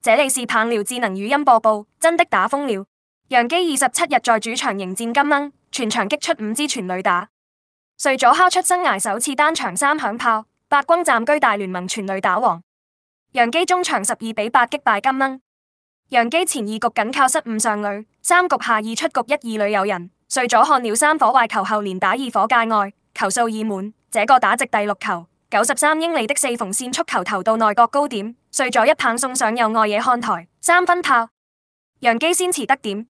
這裏是棒鳥智能語音播報，真的打瘋了！洋基二十七日在主場迎戰金鶯，全場擊出五支全壘打，瑞佐敲出生涯首次單場三響炮，八轟暫居大聯盟全壘打王。洋基終場十二比八擊敗金鶯。洋基前二局僅靠失誤上壘，三局下二出局一二壘有人，瑞佐看了三火壞球後連打二火界外，球數已滿，這個打直第六球，九十三英里的四縫線速球投到內角高點。瑞佐一棒送上右外野看台三分炮，洋基先馳得點。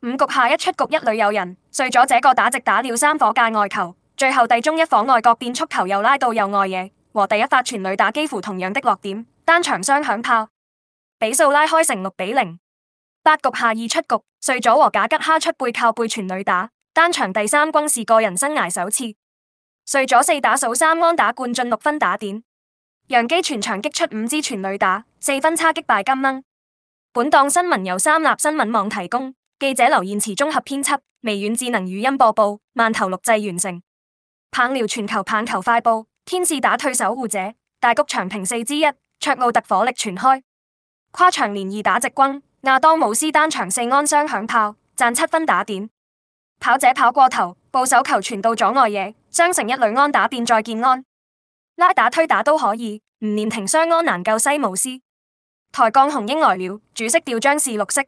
五局下一出局一壘有人，瑞佐這個打直打了三火界外球，最後地中一火外角變速球又拉到右外野，和第一發全壘打幾乎同樣的落點，單場雙響炮，比數拉開成六比零八局下二出局瑞佐和賈吉哈出背靠背全壘打，單場第三轟是個人生涯首次，瑞佐四打數三安打灌進六分打點。洋基全場擊出五支全壘打，四分差擊敗金鶯。本檔新聞由三立新聞網提供，記者劉燕池綜合編輯。微軟智能語音播報，慢頭錄製完成。棒聊全球棒球快報，天使打退守護者，大谷翔平四之一，卓奧特火力全開，跨場連二打直轟。亞當姆斯單場四安雙響炮，賺七分打點。跑者跑過頭，捕手球傳到左外野，造成一壘安打變再見安。拉打推打都可以，吳念庭雙安難救西武獅，台鋼雄鷹來了，主色調將是綠色。